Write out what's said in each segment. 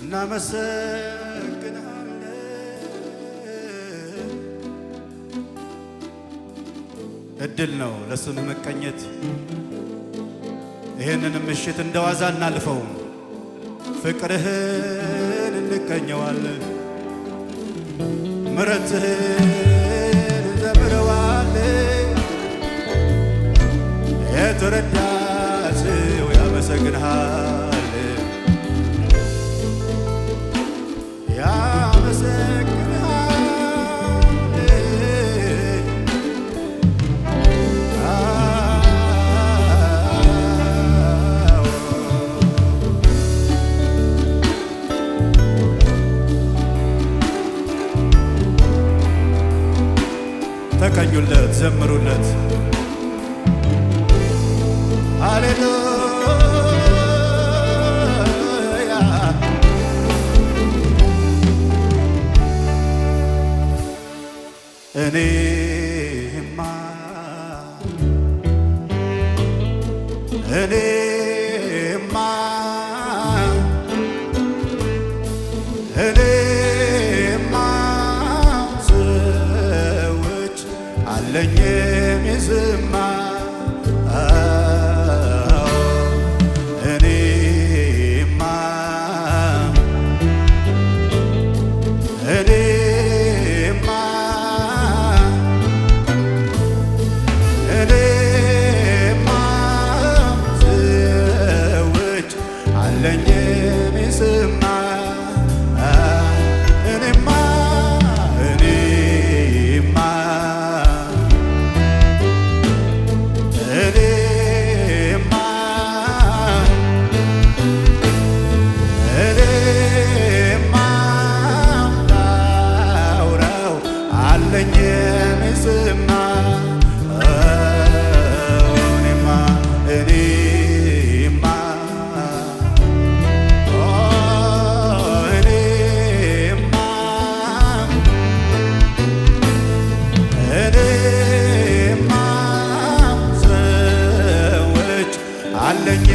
እናመሰግናለን። እድል ነው ለስም መቀኘት። ይህንን ምሽት እንደዋዛ እናልፈውም፣ ፍቅርህን እንቀኘዋለን፣ ምረትህን እንዘምረዋለን። የተረዳስው ያመሰግንሃል ዘዩለት፣ ዘምሩለት። ሃሌሉያ እኔ Hare አለኝ የሚዝማ እኔማ እኔማ እኔማ እኔማ ሰዎች አለኝ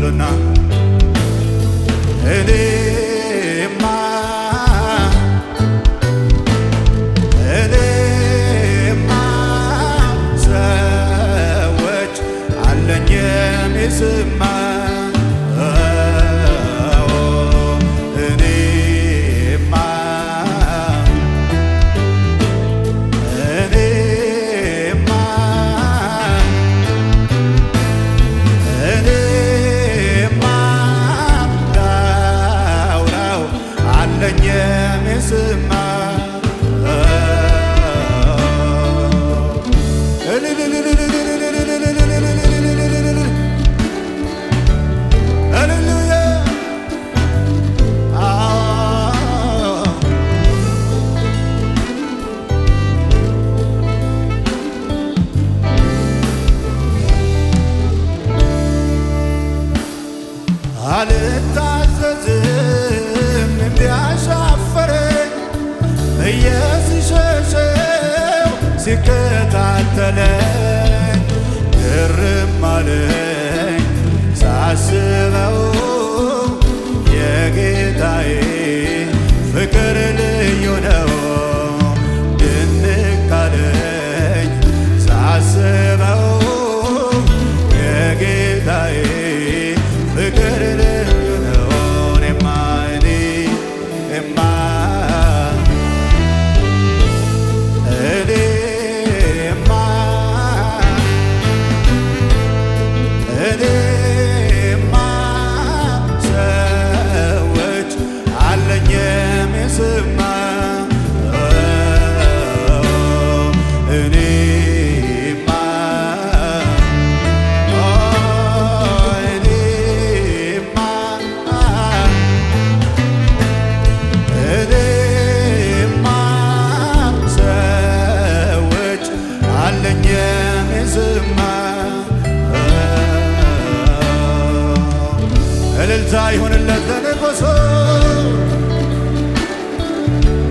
በሉና እኔማ እኔማ ሰዎች አለኝ የሚስማ gelene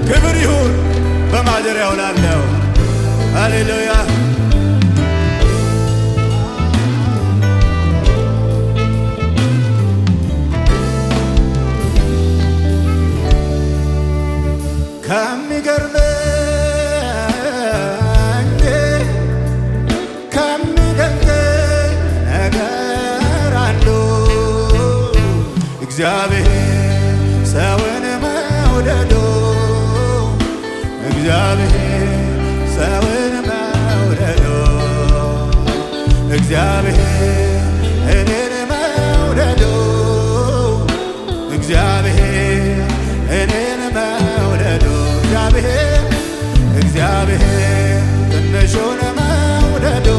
ክብር ይሁን በማደሪያው ላለው ሃሌሉያ ከሚገርም እግዚአብሔር እግዚአብሔር ሰውን መውደዶ እግዚአብሔር እኔን መውደዶ እግዚአብሔር እኔን መውደዶ እግዚአብሔር እግዚአብሔር ትንሹን መውደዶ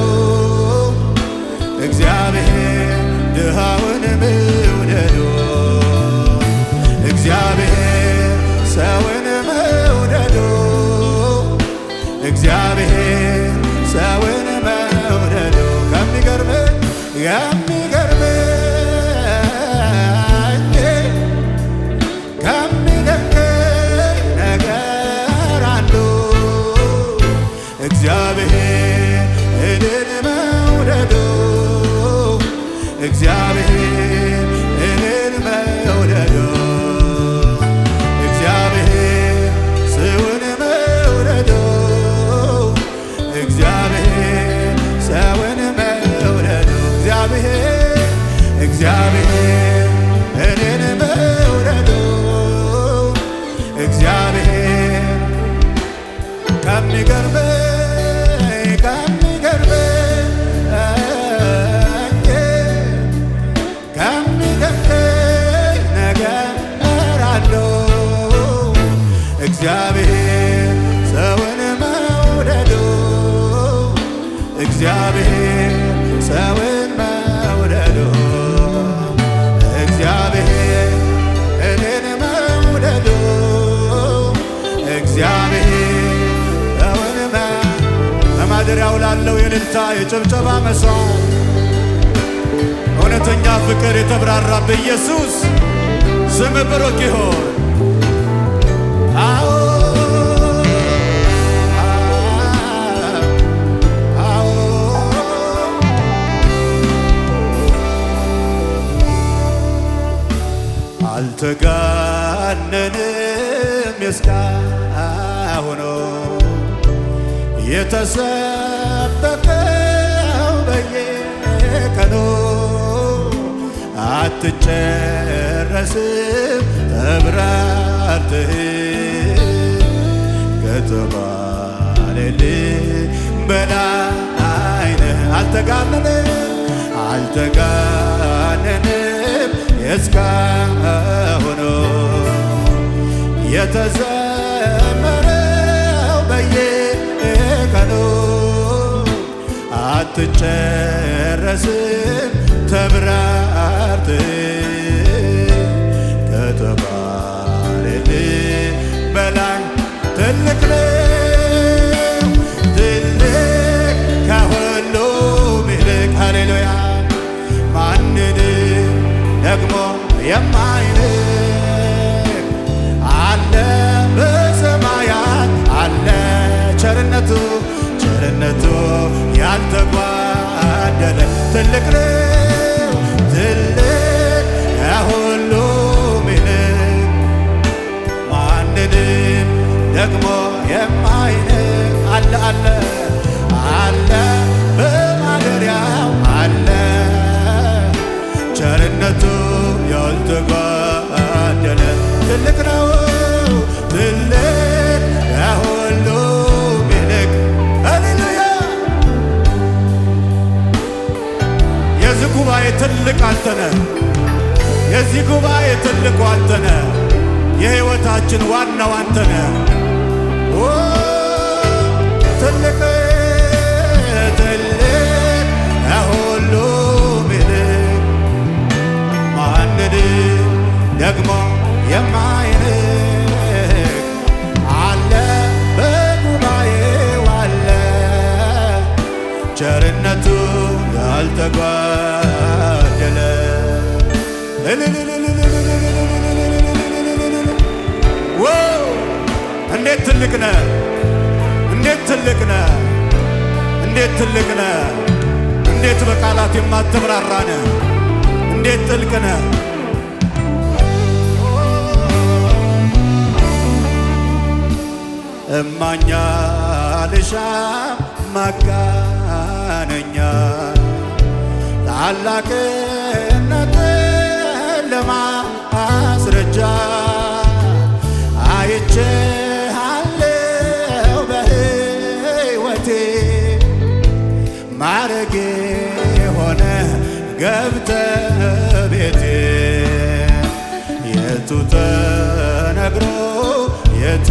እግዚአብሔር ድሃውን መውደዶ እግዚአብሔር ሰው እግዚአብሔር ሰውን መውደዱ ከሚገርም የእልልታ የጭብጨባ መሥዋዕት እውነተኛ ፍቅር የተብራራብ ኢየሱስ ስም ብሩክ ይሆን። የተሰ እየተፈው በየቀኑ አትጨረስም ተብራርትህ ከተባለል በላይነህ አልተጋነንም አልተጋነንም የእስካሁኑ የተዘ አትጨረስም ተብራርት ከተባረል በላይ ትልቅ ነው ትልቅ ከሁሉም ይልቅ ሃሌሉያ ማንን ደግሞ የማይል ደግሞ የማይንቅ አለ አለ አለ በማደሪያው አለ ቸርነቱ ያልተጓደለ ትልቅ ነው ትልቅ ከሁሉ ይልቅ ሃሌሉያ የዚህ ጉባኤ ትልቅ አንተነ የዚህ ጉባኤ ትልቁ አንተነ የሕይወታችን ዋናው አንተነ ደግሞ የማይንቅ አለ በጉባኤው አለ ቸርነቱ ያልተጓደለ ትልቅ ነ! እንዴት ትልቅ ነህ! እንዴት ትልቅ ነ! እንዴት በቃላት የማትብራራ ነ! እንዴት ጥልቅ ነ እማኛ ልሻ ማጋነኛ ታላቅነት ለማስረጃ አይቼ ገብተ ቤቴ የቱ ተነግሮ የቱ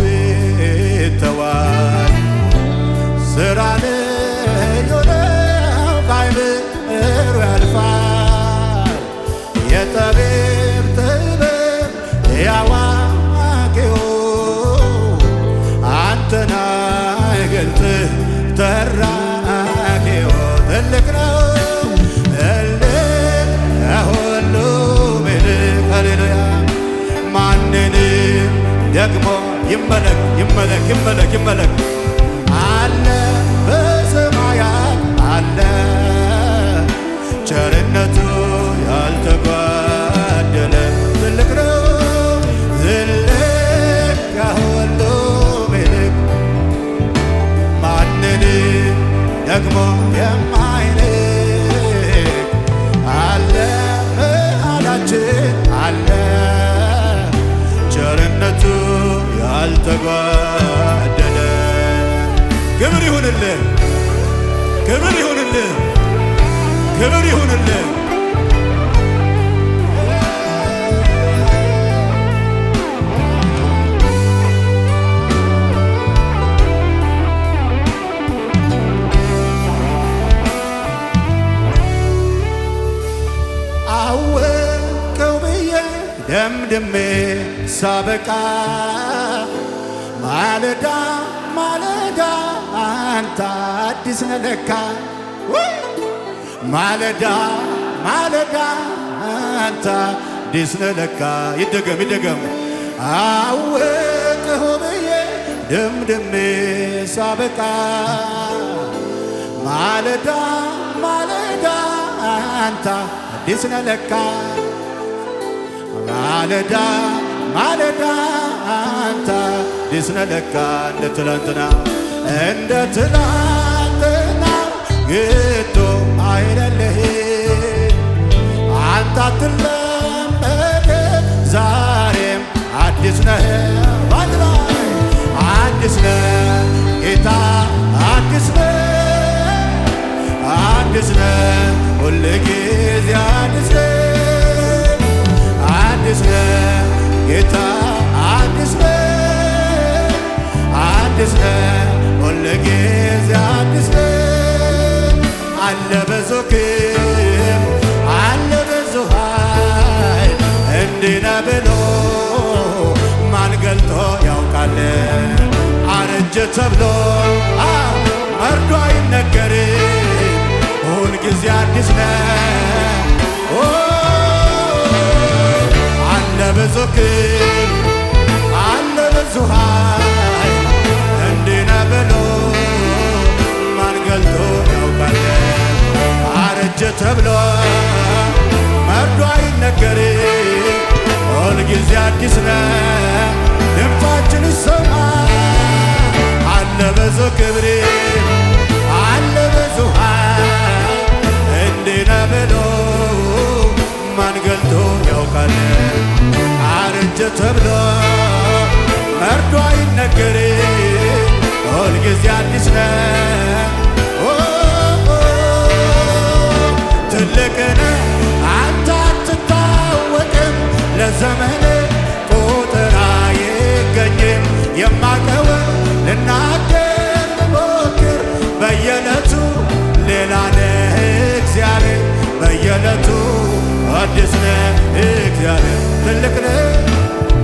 ይተዋል ስራን ይመለክ ይመለክ ይመለክ ይመለክ ቀድሜ ሳበቃ ማለዳ ማለዳ አንተ አዲስ ነለካ ማለዳ ማለዳ አንተ አዲስ ነህ ለካ ይደገም ይደገም አወቅሁ ብዬ ደምድሜ ሳበቃ ማለዳ ማለዳ አንተ አዲስ ነህ ማለዳ ማለዳ አንተ አዲስ ነህ ለካ እንደ ትላንትና እንደ ትላንትና ግቶ አይደለህም አንተ አትለመድም ዛሬም አዲስ ነህ ባትላይ አዲስ ነህ ጌታ አዲስ ነህ አዲስ ነህ ሁል አዲስ ነህ ጌታ አዲስ ነው፣ አዲስ ነው፣ ሁል ጊዜ አዲስ ነው። አለ ብዙ ክብር፣ አለ ብዙ ኃይል እንዲህ ነው ብሎ ማን ገልጦ ያውቃል? አረጀ ተብሎ መርዶ አይነገርም፣ ሁል ጊዜ አዲስ ነው ተብሏል። መርዶ አይነገር ሁል ጊዜ አዲስ ነ ድምፃችን ይሰማ አለ በዙ ክብር አለ ብዙ እንዲህ ብሎ ማን ገልቶ ያውቃል? አረጀ ተብሎ መርዶ አይነገር ሁል አዲስ ነው በየዕለቱ ሌላ ነህ እግዚአብሔር በየዕለቱ አዲስ ነህ እግዚአብሔር ትልቅ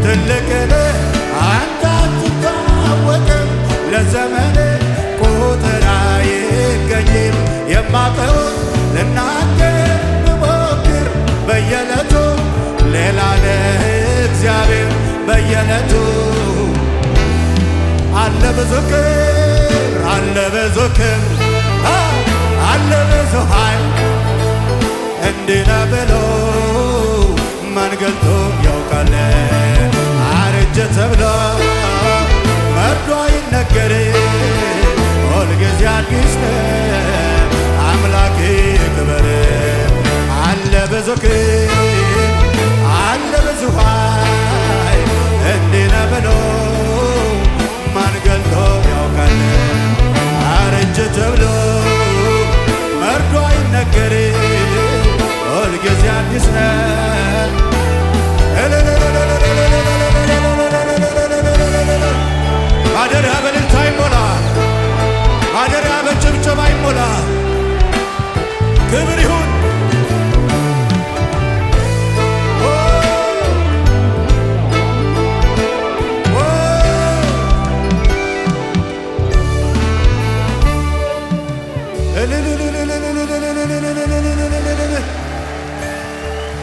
ትልቅ አንተ አትታወቅም ለዘመን ቁጥር አይገኝም የማውቀውን ልናገር ብሞክር በየዕለቱ ሌላ ነህ እግዚአብሔር በየዕለቱ አለ ብዙ ክብር አለ ብዙ ክብር I know there's a گری هر گزیت نیست